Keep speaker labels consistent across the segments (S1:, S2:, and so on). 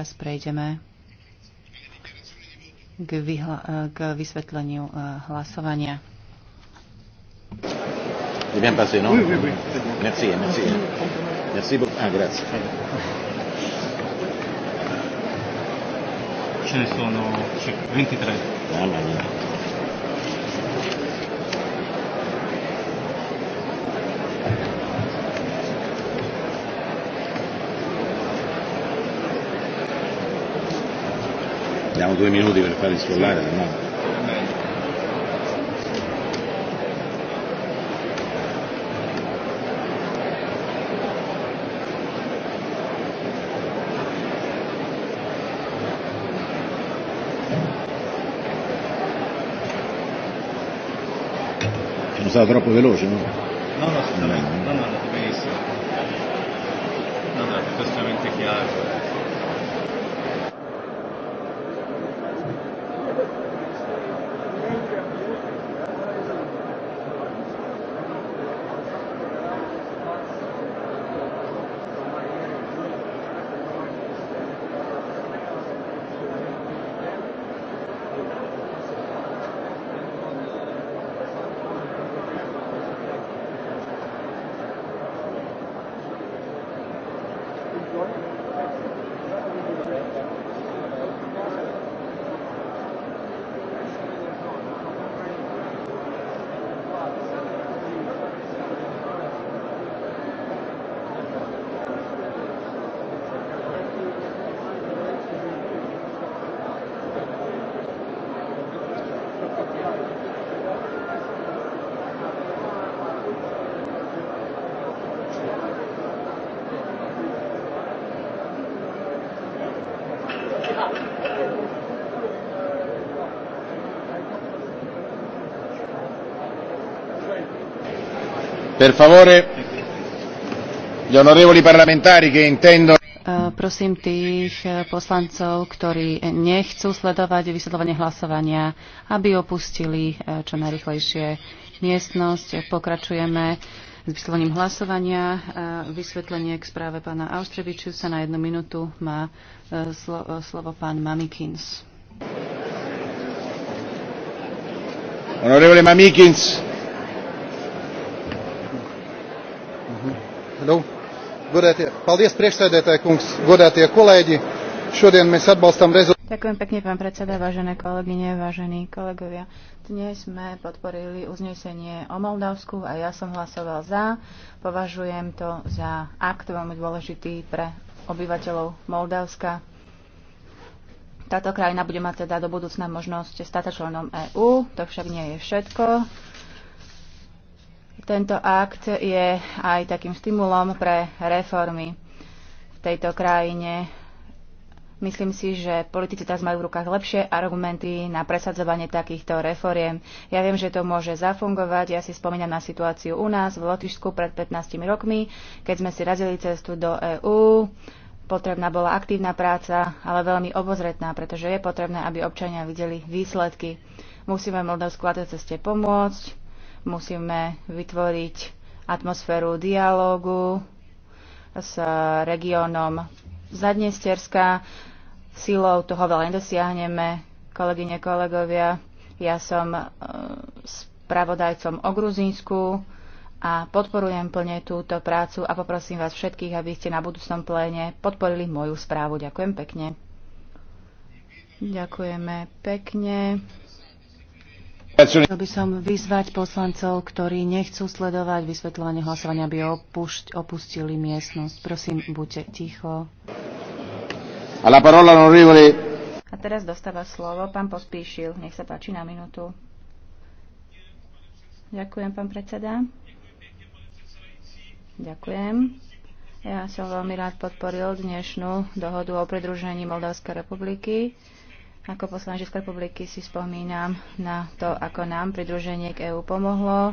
S1: Teraz prejdeme k, e, k vysvetleniu uh, hlasovania.
S2: Dobbiamo passare, no? Oui, oui, oui. Merci, merci. Merci beaucoup. Ah, grazie. Ce ne sono 23. Mamma mia.
S1: abbiamo due minuti per fare scrollare, no?
S2: Sono stato troppo veloce, no? No, no, assolutamente, no, no, no no benissimo. No, no, è no chiaro. Per favore, gli onorevoli parlamentari che intendono
S1: eh, prosím tých eh, poslancov, ktorí nechcú sledovať vysvetľovanie hlasovania, aby opustili eh, čo najrychlejšie miestnosť. Pokračujeme s vyslovením hlasovania. E, vysvetlenie k správe pána Austreviču sa na jednu minútu má e, slo- e, slovo pán Mamikins.
S2: Honorable Mamikins. Mhm. Hello. Godātie, paldies priekšsēdētāji kungs, godātie kolēģi. Šodien mēs atbalstam rezolūciju.
S1: Ďakujem pekne, pán predseda, vážené kolegyne, vážení kolegovia. Dnes sme podporili uznesenie o Moldavsku a ja som hlasoval za. Považujem to za akt veľmi dôležitý pre obyvateľov Moldavska. Táto krajina bude mať teda do budúcna možnosť stať členom EÚ, to však nie je všetko. Tento akt je aj takým stimulom pre reformy v tejto krajine Myslím si, že politici teraz majú v rukách lepšie argumenty na presadzovanie takýchto reforiem. Ja viem, že to môže zafungovať. Ja si spomínam na situáciu u nás v Lotyšsku pred 15 rokmi, keď sme si razili cestu do EÚ. Potrebná bola aktívna práca, ale veľmi obozretná, pretože je potrebné, aby občania videli výsledky. Musíme Moldavsku na tej ceste pomôcť, musíme vytvoriť atmosféru dialógu s regiónom Zadnesterska, silou toho veľa nedosiahneme. Kolegyne, kolegovia, ja som e, spravodajcom o Gruzínsku a podporujem plne túto prácu a poprosím vás všetkých, aby ste na budúcom pléne podporili moju správu. Ďakujem pekne. Ďakujeme pekne. Chcel by som vyzvať poslancov, ktorí nechcú sledovať vysvetľovanie hlasovania, aby opušť, opustili miestnosť. Prosím, buďte ticho.
S2: Alla parola l'onorevole
S1: a teraz dostáva slovo pán Pospíšil. Nech sa páči na minútu. Ďakujem, pán predseda. Ďakujem. Ja som veľmi rád podporil dnešnú dohodu o pridružení Moldavskej republiky. Ako poslanec Českej republiky si spomínam na to, ako nám pridruženie k EÚ pomohlo.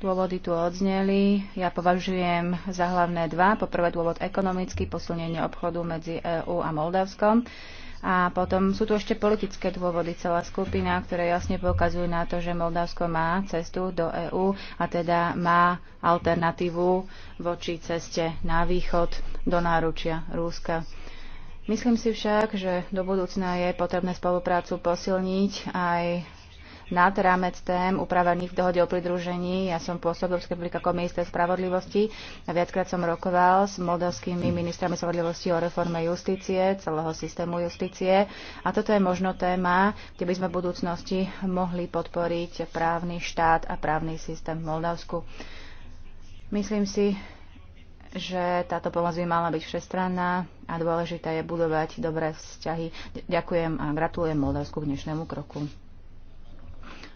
S1: Dôvody tu odzneli. Ja považujem za hlavné dva. Poprvé dôvod ekonomický, posunenie obchodu medzi EÚ a Moldavskom. A potom sú tu ešte politické dôvody, celá skupina, ktoré jasne poukazujú na to, že Moldavsko má cestu do EÚ a teda má alternatívu voči ceste na východ do náručia Rúska. Myslím si však, že do budúcna je potrebné spoluprácu posilniť aj nad rámec tém upravených v dohode o pridružení. Ja som pôsobil v Republike ako minister spravodlivosti a viackrát som rokoval s moldavskými ministrami spravodlivosti o reforme justície, celého systému justície. A toto je možno téma, kde by sme v budúcnosti mohli podporiť právny štát a právny systém v Moldavsku. Myslím si, že táto pomoc by mala byť všestranná a dôležité je budovať dobré vzťahy. Ďakujem a gratulujem Moldavsku k dnešnému kroku.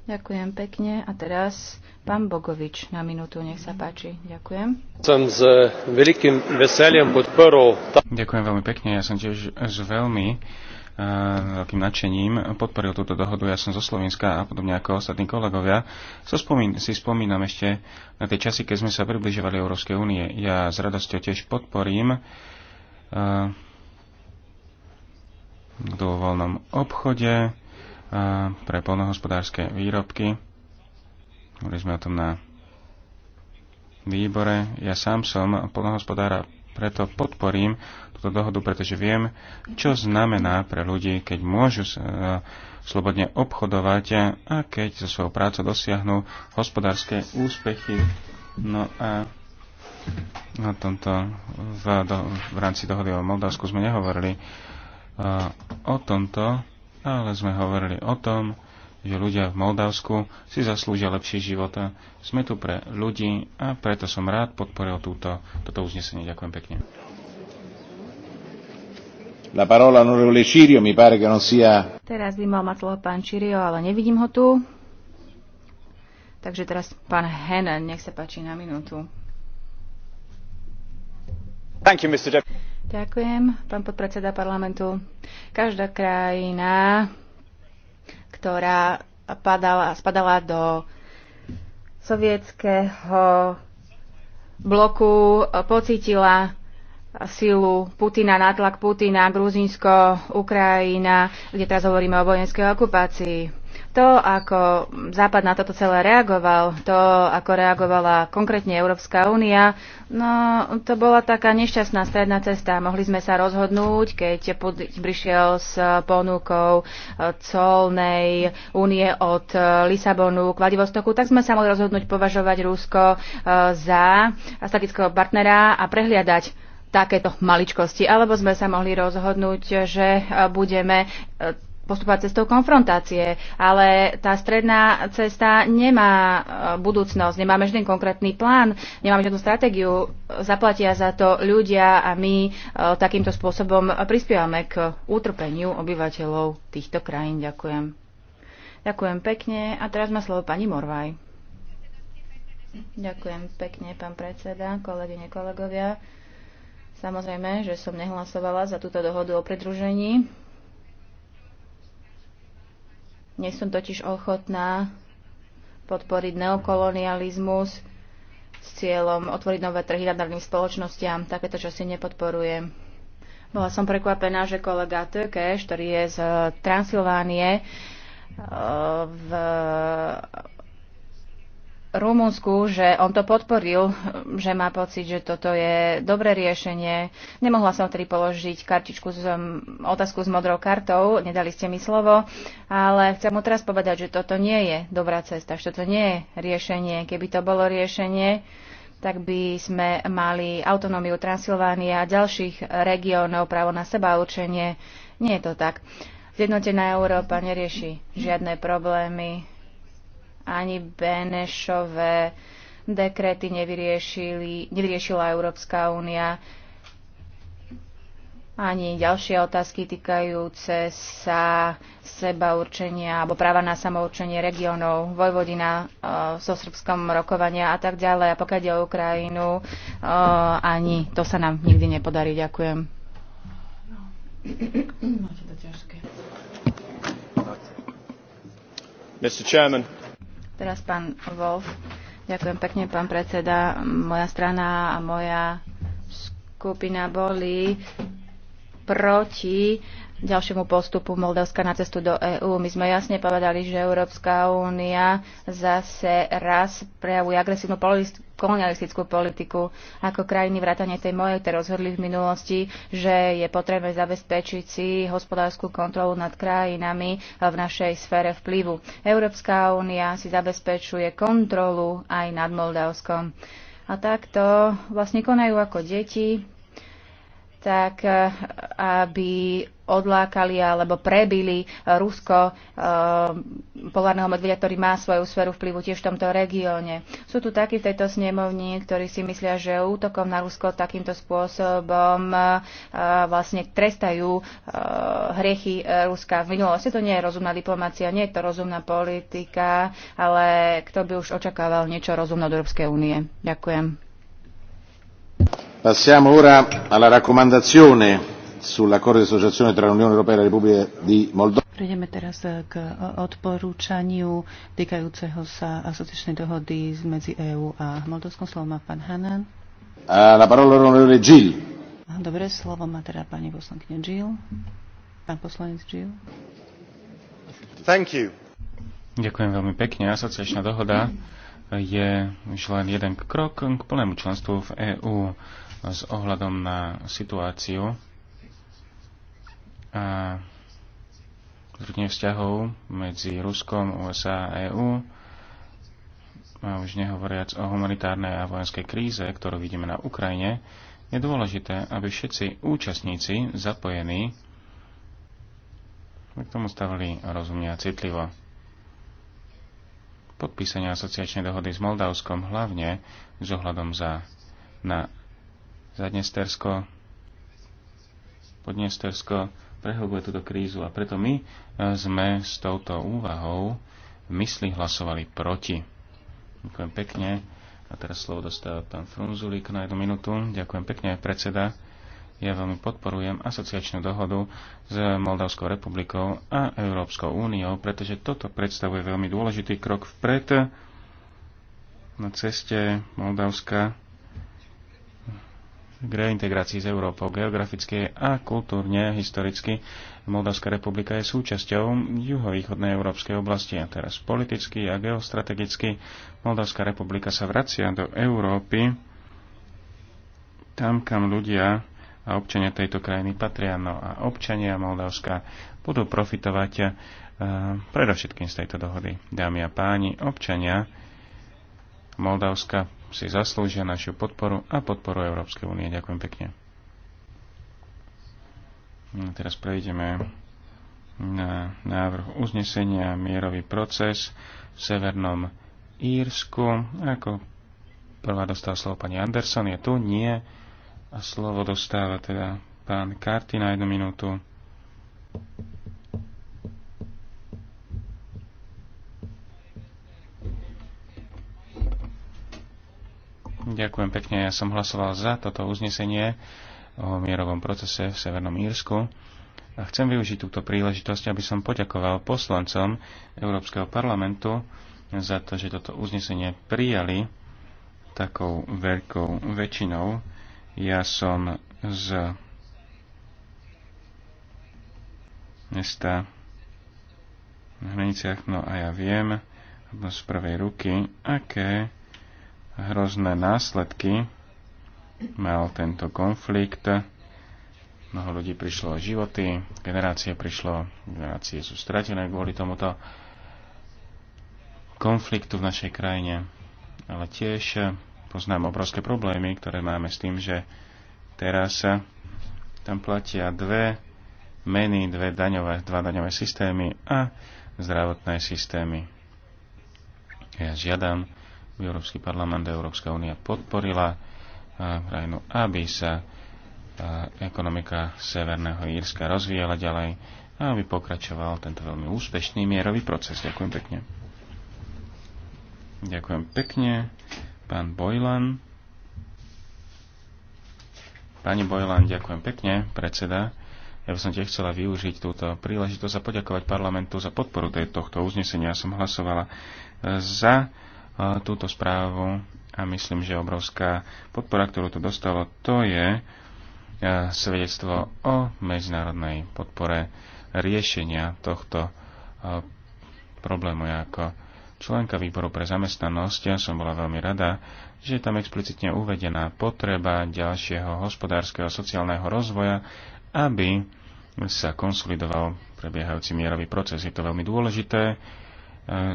S1: Ďakujem pekne. A teraz pán Bogovič na minútu, nech sa páči. Ďakujem.
S2: Som s eh, veľkým veselím podporou. Ďakujem veľmi pekne. Ja som tiež s veľmi Eh, veľkým nadšením podporil túto dohodu. Ja som zo Slovenska a podobne ako ostatní kolegovia. So spomín, si spomínam ešte na tie časy, keď sme sa približovali Európskej únie. Ja s radosťou tiež podporím uh, eh, do voľnom obchode uh, pre polnohospodárske výrobky. Hovorili sme o tom na výbore. Ja sám som polnohospodára preto podporím túto dohodu, pretože viem, čo znamená pre ľudí, keď môžu e, slobodne obchodovať a keď so svojou prácou dosiahnu hospodárske úspechy. No a na tomto v, do, v rámci dohody o Moldavsku sme nehovorili e, o tomto, ale sme hovorili o tom, že ľudia v Moldavsku si zaslúžia lepšie života, Sme tu pre ľudí a preto som rád podporil túto, toto uznesenie. Ďakujem pekne. La parola onorevole Cirio, mi pare che non sia...
S1: Teraz by mal mať slovo pán Cirio, ale nevidím ho tu. Takže teraz pán Henen, nech sa páči na minútu. Thank you, Mr. Ďakujem, pán podpredseda parlamentu. Každá krajina ktorá padala, spadala do sovietského bloku, pocítila silu Putina, nátlak Putina, Gruzinsko, Ukrajina, kde teraz hovoríme o vojenskej okupácii. To, ako Západ na toto celé reagoval, to, ako reagovala konkrétne Európska únia, no to bola taká nešťastná stredná cesta. Mohli sme sa rozhodnúť, keď prišiel s ponukou e, colnej únie od e, Lisabonu k Vladivostoku, tak sme sa mohli rozhodnúť považovať Rusko e, za statického partnera a prehliadať takéto maličkosti. Alebo sme sa mohli rozhodnúť, že budeme postupovať cestou konfrontácie, ale tá stredná cesta nemá e, budúcnosť, nemáme žiaden konkrétny plán, nemáme žiadnu stratégiu, zaplatia za to ľudia a my e, takýmto spôsobom prispievame k utrpeniu obyvateľov týchto krajín. Ďakujem. Ďakujem pekne a teraz má slovo pani Morvaj. Ďakujem pekne, pán predseda, kolegyne, kolegovia. Samozrejme, že som nehlasovala za túto dohodu o pridružení nie som totiž ochotná podporiť neokolonializmus s cieľom otvoriť nové trhy nadnárodným spoločnostiam. Takéto časy nepodporujem. Bola som prekvapená, že kolega Tökeš, ktorý je z Transylvánie, v Rumunsku, že on to podporil, že má pocit, že toto je dobré riešenie. Nemohla som tedy položiť kartičku z, um, otázku s modrou kartou, nedali ste mi slovo, ale chcem mu teraz povedať, že toto nie je dobrá cesta, že toto nie je riešenie. Keby to bolo riešenie, tak by sme mali autonómiu Transylvánie, a ďalších regiónov, právo na seba určenie. Nie je to tak. Zjednotená Európa nerieši žiadne problémy ani Benešové dekrety nevyriešila Európska únia ani ďalšie otázky týkajúce sa seba určenia alebo práva na samourčenie regiónov, Vojvodina e, so srbskom rokovania a tak ďalej. A pokiaľ ide o Ukrajinu, e, ani to sa nám nikdy nepodarí. Ďakujem. Mr. Chairman, Teraz pán Wolf. Ďakujem pekne, pán predseda. Moja strana a moja skupina boli proti ďalšiemu postupu Moldavska na cestu do EÚ. My sme jasne povedali, že Európska únia zase raz prejavuje agresívnu kolonialistickú politiku ako krajiny vrátane tej mojej, ktoré rozhodli v minulosti, že je potrebné zabezpečiť si hospodárskú kontrolu nad krajinami v našej sfére vplyvu. Európska únia si zabezpečuje kontrolu aj nad Moldavskom. A takto vlastne konajú ako deti, tak eh, aby odlákali alebo prebili eh, Rusko, eh, polárneho medvedia, ktorý má svoju sféru vplyvu tiež v tomto regióne. Sú tu takí v tejto snemovni, ktorí si myslia, že útokom na Rusko takýmto spôsobom vlastne trestajú hriechy Ruska v minulosti. To nie je rozumná diplomácia, nie je to rozumná politika, ale kto by už očakával niečo rozumné od Európskej únie. Ďakujem.
S2: Passiamo ora alla raccomandazione sull'accordo di associazione tra l'Unione Europea e la Repubblica di Moldova.
S1: Prejdeme teraz eh, k eh, odporúčaniu týkajúceho sa asociačnej dohody medzi EÚ a Moldovskom. Slovo má pán Hanan.
S2: A la parola onorevole Gil.
S1: Dobre, slovo má teda pani poslankyňa Gil. Pán poslanec Gil.
S2: Thank you. Ďakujem veľmi pekne. Asociačná dohoda je už len jeden krok k plnému členstvu v EÚ s ohľadom na situáciu a zrutne vzťahov medzi Ruskom, USA a EÚ, a už nehovoriac o humanitárnej a vojenskej kríze, ktorú vidíme na Ukrajine, je dôležité, aby všetci účastníci zapojení k tomu stavili rozumne a citlivo. Podpísanie asociačnej dohody s Moldavskom hlavne s ohľadom za, na Zadnestersko, Podnestersko prehlbuje túto krízu a preto my e, sme s touto úvahou v mysli hlasovali proti. Ďakujem pekne. A teraz slovo dostáva pán Frunzulík na jednu minútu. Ďakujem pekne, predseda. Ja veľmi podporujem asociačnú dohodu s Moldavskou republikou a Európskou úniou, pretože toto predstavuje veľmi dôležitý krok vpred na ceste Moldavska k reintegrácii s Európou. Geograficky a kultúrne, historicky Moldavská republika je súčasťou juhovýchodnej európskej oblasti a teraz politicky a geostrategicky Moldavská republika sa vracia do Európy, tam, kam ľudia a občania tejto krajiny patria. No a občania Moldavska budú profitovať a, eh, predovšetkým z tejto dohody. Dámy a páni, občania Moldavska si zaslúžia našu podporu a podporu Európskej únie. Ďakujem pekne. No, teraz prejdeme na návrh uznesenia mierový proces v Severnom Írsku. Ako prvá dostala slovo pani Anderson, je tu, nie. A slovo dostáva teda pán Karty na jednu minútu. Ďakujem pekne, ja som hlasoval za toto uznesenie o mierovom procese v Severnom Írsku. A chcem využiť túto príležitosť, aby som poďakoval poslancom Európskeho parlamentu za to, že toto uznesenie prijali takou veľkou väčšinou. Ja som z mesta na hraniciach, no a ja viem z prvej ruky, aké hrozné následky mal tento konflikt. Mnoho ľudí prišlo o životy, generácie prišlo, generácie sú stratené kvôli tomuto konfliktu v našej krajine. Ale tiež eh, poznám obrovské problémy, ktoré máme s tým, že teraz eh, tam platia dve meny, dve daňové, dva daňové systémy a zdravotné systémy. Ja žiadam Európsky parlament a Európska únia podporila eh, krajinu, aby sa eh, ekonomika Severného Írska rozvíjala ďalej a aby pokračoval tento veľmi úspešný mierový proces. Ďakujem pekne. Ďakujem pekne, pán Bojlan. Pani Bojlan, ďakujem pekne, predseda. Ja by som tiež chcela využiť túto príležitosť a poďakovať parlamentu za podporu tohto uznesenia. Ja som hlasovala eh, za túto správu a myslím, že obrovská podpora, ktorú to dostalo, to je e, svedectvo o medzinárodnej podpore riešenia tohto e, problému. Ja ako členka výboru pre zamestnanosť ja som bola veľmi rada, že je tam explicitne uvedená potreba ďalšieho hospodárskeho a sociálneho rozvoja, aby sa konsolidoval prebiehajúci mierový proces. Je to veľmi dôležité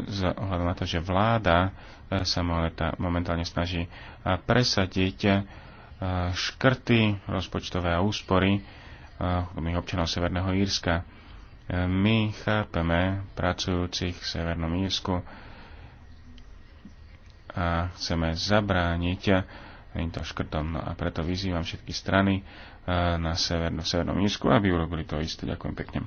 S2: z ohľadu na to, že vláda e, sa momentálne snaží e, presadiť e, škrty rozpočtové a úspory chudobných občanov Severného Írska. My chápeme pracujúcich v Severnom Írsku a chceme zabrániť týmto škrtom. No a preto vyzývam všetky strany na Severnom Írsku, aby urobili to isté. Ďakujem pekne.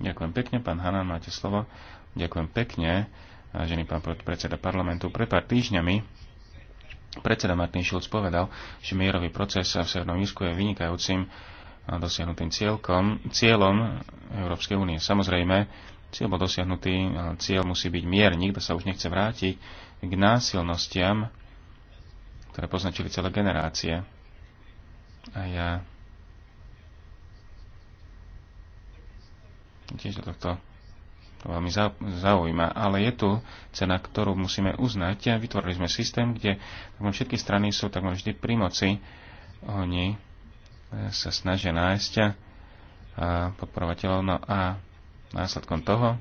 S2: Ďakujem pekne, pán Hanan, máte slovo. Ďakujem pekne, vážený pán predseda parlamentu. Pre pár týždňami predseda Martin Schulz povedal, že mierový proces v Severnom Írsku je vynikajúcim dosiahnutým cieľkom, cieľom Európskej únie. Samozrejme, cieľ bol dosiahnutý, cieľ musí byť mier. Nikto sa už nechce vrátiť k násilnostiam, ktoré poznačili celé generácie. A ja tiež do tohto to veľmi zaujíma, ale je tu cena, ktorú musíme uznať. Vytvorili sme systém, kde všetky strany sú takmer vždy pri moci. Oni e, sa snažia nájsť e, podporovateľov. No a následkom toho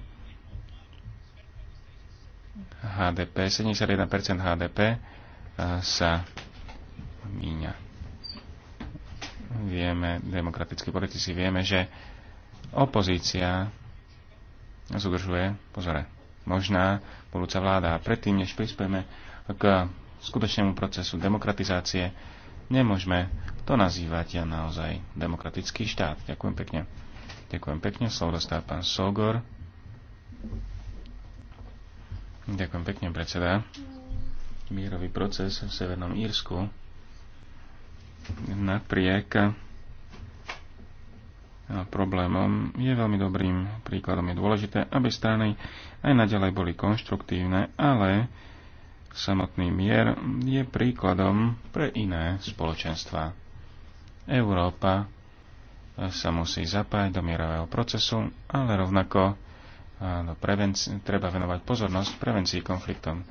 S2: HDP, 71% HDP sa míňa. Vieme, demokratickí politici vieme, že opozícia nás pozore, možná budúca vláda. A predtým, než prispieme k skutočnému procesu demokratizácie, nemôžeme to nazývať ja naozaj demokratický štát. Ďakujem pekne. Ďakujem pekne. Slovo dostal pán Sogor. Ďakujem pekne, predseda. Mírový proces v Severnom Írsku napriek problémom je veľmi dobrým príkladom. Je dôležité, aby strany aj naďalej boli konštruktívne, ale samotný mier je príkladom pre iné spoločenstva. Európa sa musí zapájať do mierového procesu, ale rovnako do treba venovať pozornosť prevencii konfliktom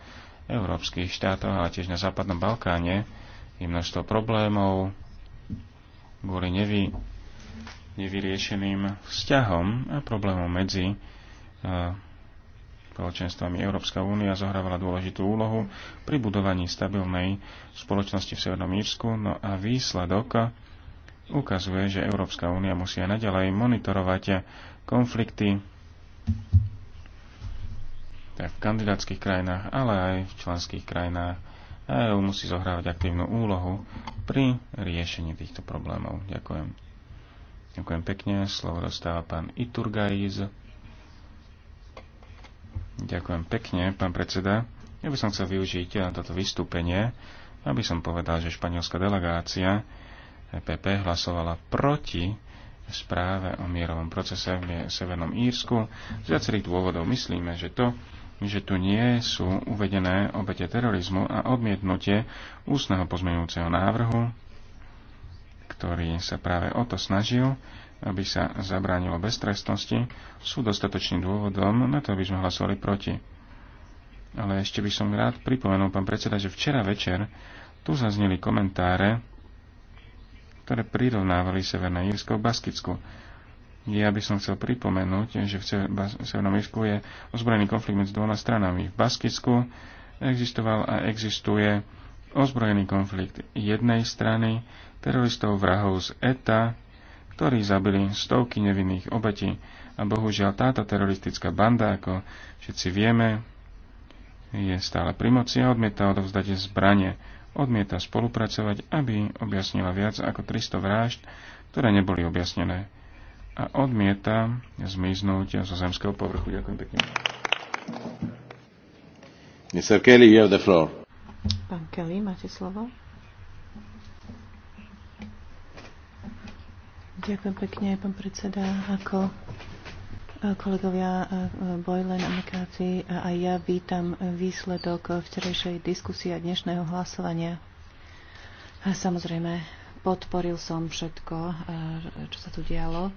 S2: európskych štátov, ale tiež na Západnom Balkáne je množstvo problémov kvôli nevy nevyriešeným vzťahom a problémom medzi e, spoločenstvami Európska únia zohrávala dôležitú úlohu pri budovaní stabilnej spoločnosti v Severnom Írsku, no a výsledok ukazuje, že Európska únia musí aj naďalej monitorovať konflikty tak v kandidátskych krajinách, ale aj v členských krajinách. A EU musí zohrávať aktívnu úlohu pri riešení týchto problémov. Ďakujem. Ďakujem pekne. Slovo dostáva pán Iturgajiz. Ďakujem pekne, pán predseda. Ja by som chcel využiť eh, toto vystúpenie, aby som povedal, že španielská delegácia EPP hlasovala proti správe o mierovom procese v Severnom Írsku. Z viacerých dôvodov myslíme, že to, že tu nie sú uvedené obete terorizmu a odmietnutie ústneho pozmeňujúceho návrhu, ktorí sa práve o to snažil, aby sa zabránilo beztrestnosti, sú dostatočným dôvodom na to, aby sme hlasovali proti. Ale ešte by som rád pripomenul, pán predseda, že včera večer tu zazneli komentáre, ktoré prirovnávali Severné Írsko k Baskicku. Ja by som chcel pripomenúť, že v Severnom Írsku je ozbrojený konflikt medzi dvoma stranami. V Baskicku existoval a existuje ozbrojený konflikt jednej strany teroristov vrahov z ETA, ktorí zabili stovky nevinných obetí. A bohužiaľ táto teroristická banda, ako všetci vieme, je stále pri moci a odmieta odovzdať zbranie. Odmieta spolupracovať, aby objasnila viac ako 300 vražd, ktoré neboli objasnené. A odmieta zmiznúť zo zemského povrchu. Ďakujem pekne. Mr. Kelly, you have the floor.
S1: Pán Kelly, máte slovo. Ďakujem pekne, pán predseda. Ako e, kolegovia e, e, Bojlen a Mikáci, aj ja vítam výsledok včerajšej diskusie a dnešného hlasovania. A samozrejme, podporil som všetko, čo sa tu dialo.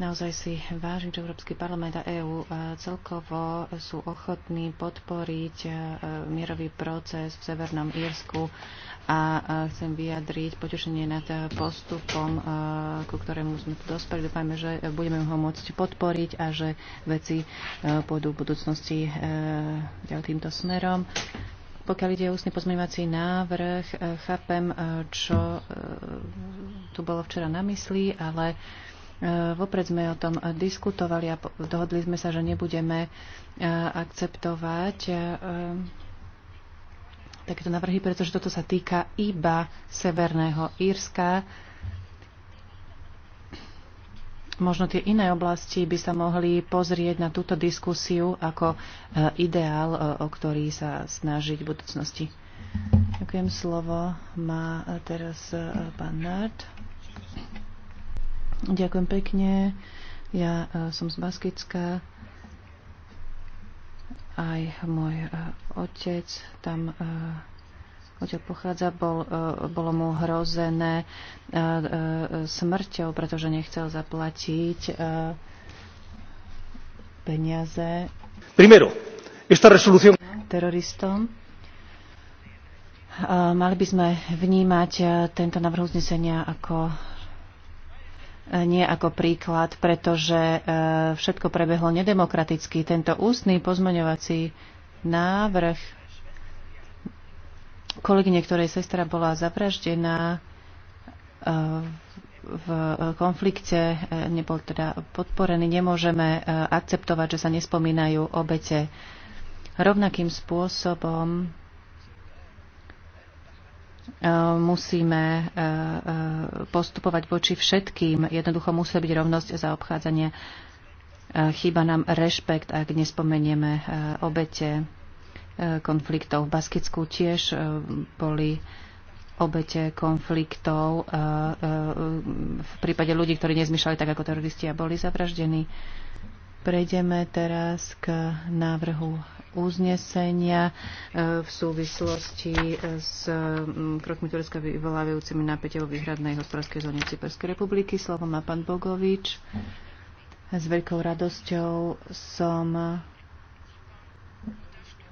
S1: Naozaj si vážim, že Európsky parlament a EÚ e, celkovo sú ochotní podporiť e, mierový proces v Severnom Írsku a e, chcem vyjadriť potešenie nad postupom, ku ktorému sme tu dospeli. Dúfajme, že budeme ho môcť podporiť a že veci pôjdu v budúcnosti týmto smerom. Pokiaľ ide o ústny pozmeňovací návrh, chápem, čo tu bolo včera na mysli, ale uh, Eh, vopred sme o tom diskutovali a dohodli sme sa, že nebudeme eh, akceptovať eh, takéto navrhy, pretože toto sa týka iba Severného Írska. Možno tie iné oblasti by sa mohli pozrieť na túto diskusiu ako ideál, o ktorý sa snažiť v budúcnosti. Ďakujem slovo. Má teraz pán Nard. Ďakujem pekne. Ja e, som z Baskicka. Aj môj e, otec tam e, odtiaľ pochádza, bol, bolo mu hrozené smrťou, pretože nechcel zaplatiť peniaze Primero, esta resolución... teroristom. Mali by sme vnímať tento návrh uznesenia ako nie ako príklad, pretože e, všetko prebehlo nedemokraticky. Tento ústny pozmeňovací návrh kolegyne, ktorej sestra bola zavraždená e, v konflikte, e, nebol teda podporený, nemôžeme akceptovať, že sa nespomínajú obete. Rovnakým spôsobom E, musíme e, e, postupovať voči všetkým. Jednoducho musí byť rovnosť za obchádzanie. Chýba nám rešpekt, ak nespomenieme obete konfliktov. V Baskicku tiež boli obete konfliktov v prípade ľudí, ktorí nezmyšľali tak ako teroristi a boli zavraždení. Prejdeme teraz k návrhu uznesenia e, v súvislosti e, s krokmi Turecka vyvolávajúcimi napätie vo výhradnej hospodárskej zóne Cyperskej republiky. Slovo má pán Bogovič. S veľkou radosťou som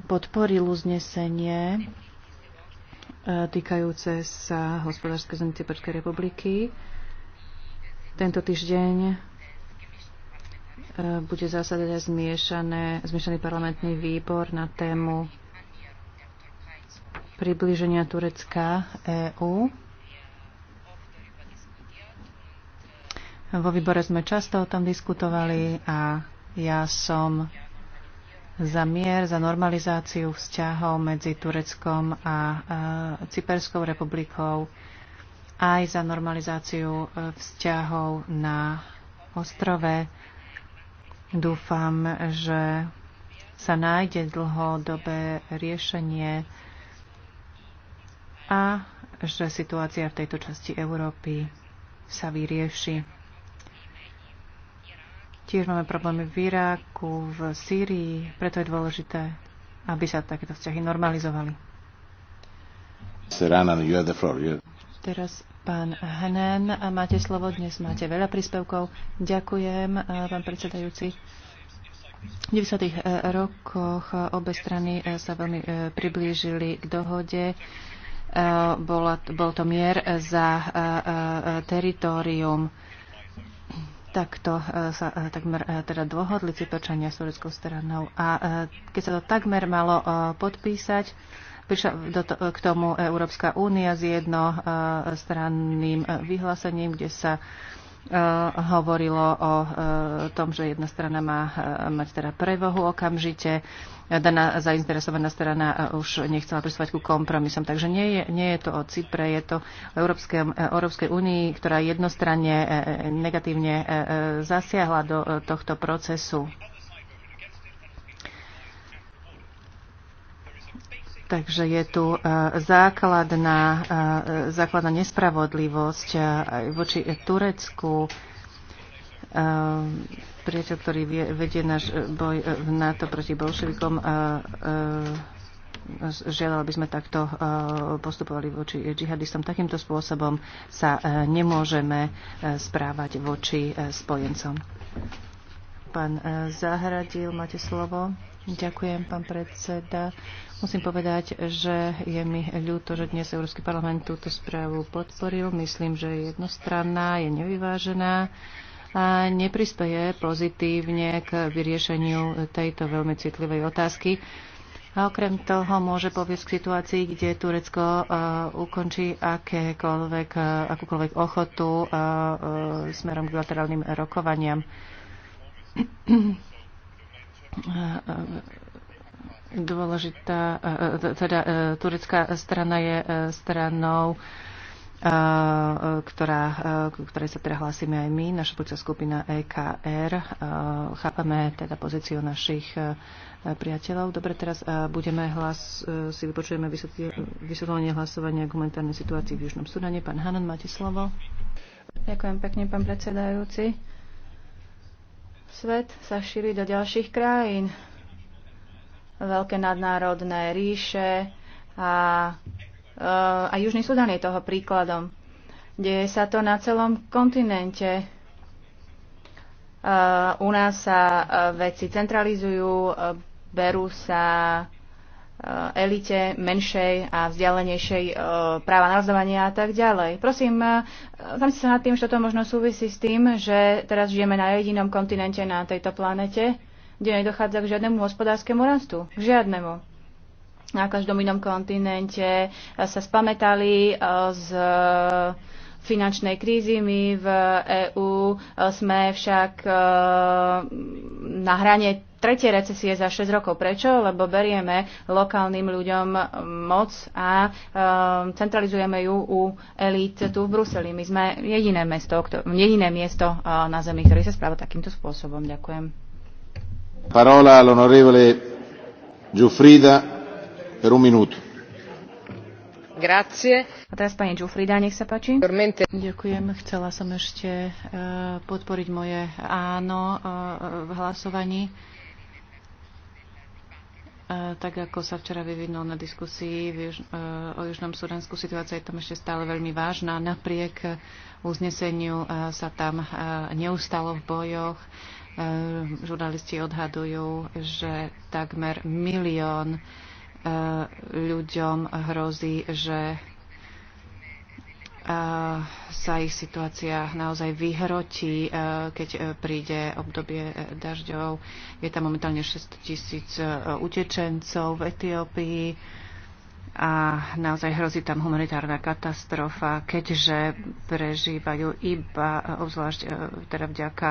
S1: podporil uznesenie e, týkajúce sa hospodárskej zóny Cyperskej republiky. Tento týždeň bude zasadať zmiešané, zmiešaný parlamentný výbor na tému približenia Turecka EÚ. Vo výbore sme často o tom diskutovali a ja som za mier, za normalizáciu vzťahov medzi Tureckom a Cyperskou republikou, aj za normalizáciu e, vzťahov na ostrove Dúfam, že sa nájde dlhodobé riešenie a že situácia v tejto časti Európy sa vyrieši. Tiež máme problémy v Iráku, v Sýrii, preto je dôležité, aby sa takéto vzťahy normalizovali.
S2: Serana, you have the floor. You have...
S1: Teraz pán Henen, máte slovo, dnes máte veľa príspevkov. Ďakujem, pán predsedajúci. V 90. E, rokoch e, obe strany e, sa veľmi priblížili k dohode. Bola, bol to mier za teritorium. Takto sa takmer teda dohodli cipečania s tureckou stranou. A keď sa to takmer malo podpísať, Prišla do to, k tomu Európska únia s jednostranným eh, eh, vyhlásením, kde sa eh, hovorilo o tom, že jedna strana má mať teda prevohu okamžite. Daná zainteresovaná strana už nechcela pristúpať ku kompromisom. Takže nie je, nie je to o Cypre, je to o Európskej, Európskej únii, ktorá jednostranne negatívne zasiahla do tohto procesu. Takže je tu e, základná, e, základná nespravodlivosť e, voči Turecku. Priateľ, ktorý vedie náš boj v NATO proti bolševikom, žiadal, aby sme takto postupovali voči džihadistom. Takýmto spôsobom sa nemôžeme správať voči spojencom. Pán Zahradil, máte slovo. Ďakujem, pán predseda. Musím povedať, že je mi ľúto, že dnes Európsky parlament túto správu podporil. Myslím, že je jednostranná, je nevyvážená a neprispeje pozitívne k vyriešeniu tejto veľmi citlivej otázky. A okrem toho môže povieť k situácii, kde Turecko uh, ukončí akékoľvek, uh, akúkoľvek ochotu uh, uh, smerom k bilaterálnym rokovaniam dôležitá, e, e, teda e, turecká strana je stranou, ktorá, ktorej sa teda hlásime aj my, naša politická skupina EKR. Chápame teda pozíciu našich priateľov. Dobre, teraz budeme hlas, si vypočujeme vysvetlenie hlasovania k humanitárnej situácii v Južnom Sudane. Pán Hanan, máte slovo. Ďakujem pekne, pán predsedajúci. Svet sa šíri do ďalších krajín. Veľké nadnárodné ríše a, eh, a Južný Sudan je toho príkladom. Deje sa to na celom kontinente. Eh, u nás sa eh, veci centralizujú, berú sa Eh, elite menšej a vzdialenejšej eh, práva na rozdávanie a tak ďalej. Prosím, eh, zamyslite sa nad tým, že toto možno súvisí s tým, že teraz žijeme na jedinom kontinente na tejto planete, kde nedochádza k žiadnemu hospodárskemu rastu. K žiadnemu. Na každom inom kontinente sa spametali z finančnej krízy. My v EÚ sme však na hrane Tretie recesie za 6 rokov. Prečo? Lebo berieme lokálnym ľuďom um, moc a um, centralizujeme ju u elít tu v Bruseli. My sme jediné, mesto, jediné miesto uh, na Zemi, ktoré sa správa takýmto spôsobom. Ďakujem.
S2: Parola l'onorevole Giuffrida per un minuto.
S1: Grazie. A teraz pani Giuffrida, nech sa páči. Ďakujem. Chcela som ešte eh, podporiť moje áno eh, v hlasovaní tak ako sa včera vyvinul na diskusii e, o Južnom sudánsku, situácia je tam ešte stále veľmi vážna. Napriek uzneseniu e, sa tam e, neustalo v bojoch. Žurnalisti odhadujú, že takmer milión ľuďom hrozí, že sa ich situácia naozaj vyhrotí, e, keď e, príde obdobie e, dažďov. Je tam momentálne 600 tisíc utečencov v Etiópii a naozaj hrozí tam humanitárna katastrofa, keďže prežívajú iba, obzvlášť teda vďaka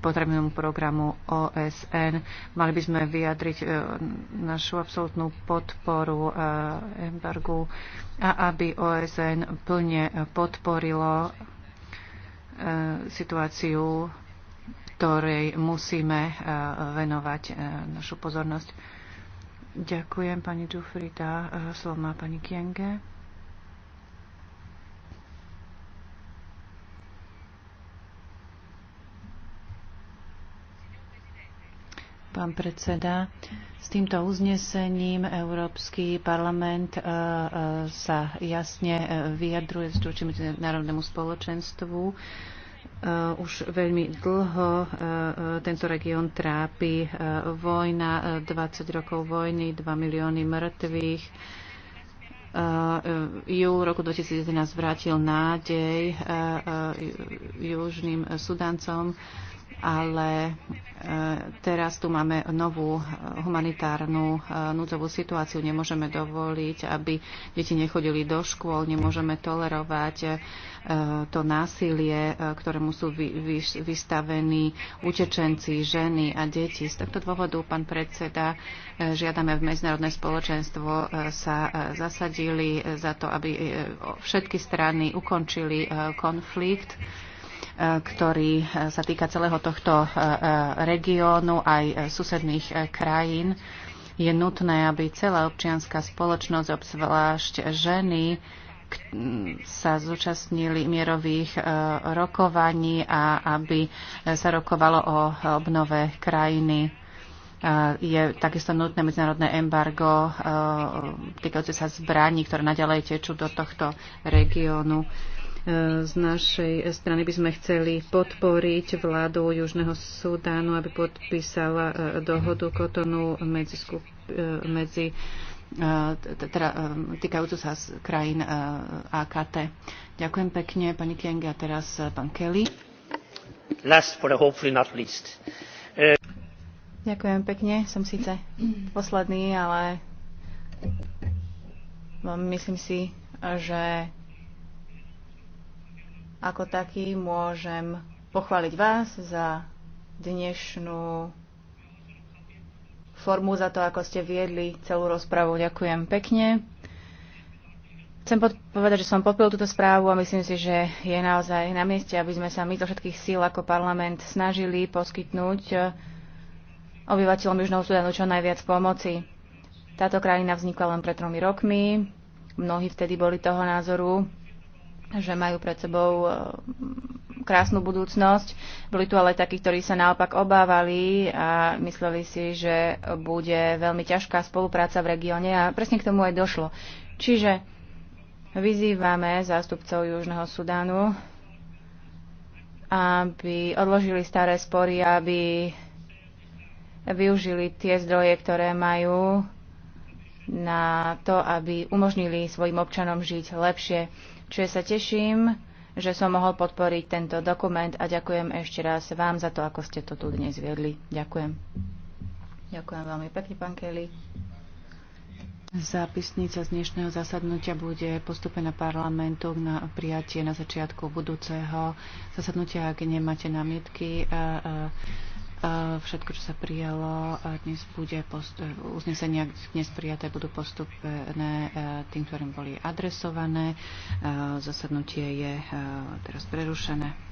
S1: potrebnému programu OSN. Mali by sme vyjadriť e, našu absolútnu podporu e, embargu a aby OSN plne podporilo e, situáciu, ktorej musíme venovať našu pozornosť. Ďakujem pani Dufrida. Slovo má pani Kienge. pán predseda. S týmto uznesením Európsky parlament e, e, sa jasne e, vyjadruje vzdruči medzinárodnému spoločenstvu. Už veľmi dlho tento región trápi vojna, 20 rokov vojny, 2 milióny mŕtvych. Júl roku 2011 vrátil nádej južným Sudancom ale e, teraz tu máme novú e, humanitárnu e, núdzovú situáciu. Nemôžeme dovoliť, aby deti nechodili do škôl, nemôžeme tolerovať to násilie, ktorému sú vystavení utečenci, ženy a deti. Z tohto dôvodu, pán predseda, žiadame v medzinárodné spoločenstvo sa zasadili za to, aby všetky strany ukončili konflikt ktorý e, sa týka celého tohto e, e, regiónu aj susedných krajín. Je nutné, aby celá občianská spoločnosť, obzvlášť ženy, sa zúčastnili mierových rokovaní a aby sa rokovalo o obnove krajiny. Je takisto nutné medzinárodné embargo týkajúce sa zbraní, ktoré naďalej tečú do tohto regiónu. Z našej strany by sme chceli podporiť vládu Južného Sudánu, aby podpísala e, dohodu Kotonu medzi, skup, e, medzi e, teda, týkajúcu sa z krajín AKT. Ďakujem pekne, pani Kienge, a teraz pán Kelly. Last but hopefully not least. Ďakujem pekne, som síce posledný, ale myslím si, že ako taký môžem pochváliť vás za dnešnú formu, za to, ako ste viedli celú rozpravu. Ďakujem pekne. Chcem povedať, že som popil túto správu a myslím si, že je naozaj na mieste, aby sme sa my zo všetkých síl ako parlament snažili poskytnúť obyvateľom Južného Sudanu čo najviac pomoci. Táto krajina vznikla len pred tromi rokmi. Mnohí vtedy boli toho názoru, že majú pred sebou e, krásnu budúcnosť. Boli tu ale takí, ktorí sa naopak obávali a mysleli si, že bude veľmi ťažká spolupráca v regióne a presne k tomu aj došlo. Čiže vyzývame zástupcov Južného Sudánu, aby odložili staré spory, aby využili tie zdroje, ktoré majú na to, aby umožnili svojim občanom žiť lepšie Čiže sa teším, že som mohol podporiť tento dokument a ďakujem ešte raz vám za to, ako ste to tu dnes viedli. Ďakujem. Ďakujem veľmi pekne, pán Kelly. Zápisnica z dnešného zasadnutia bude postupená parlamentu na prijatie na začiatku budúceho zasadnutia, ak nemáte námietky. Všetko, čo sa prijalo dnes bude post- uznesenia dnes prijaté budú postupné e, tým, ktorým boli adresované. E, zasadnutie je e, teraz prerušené.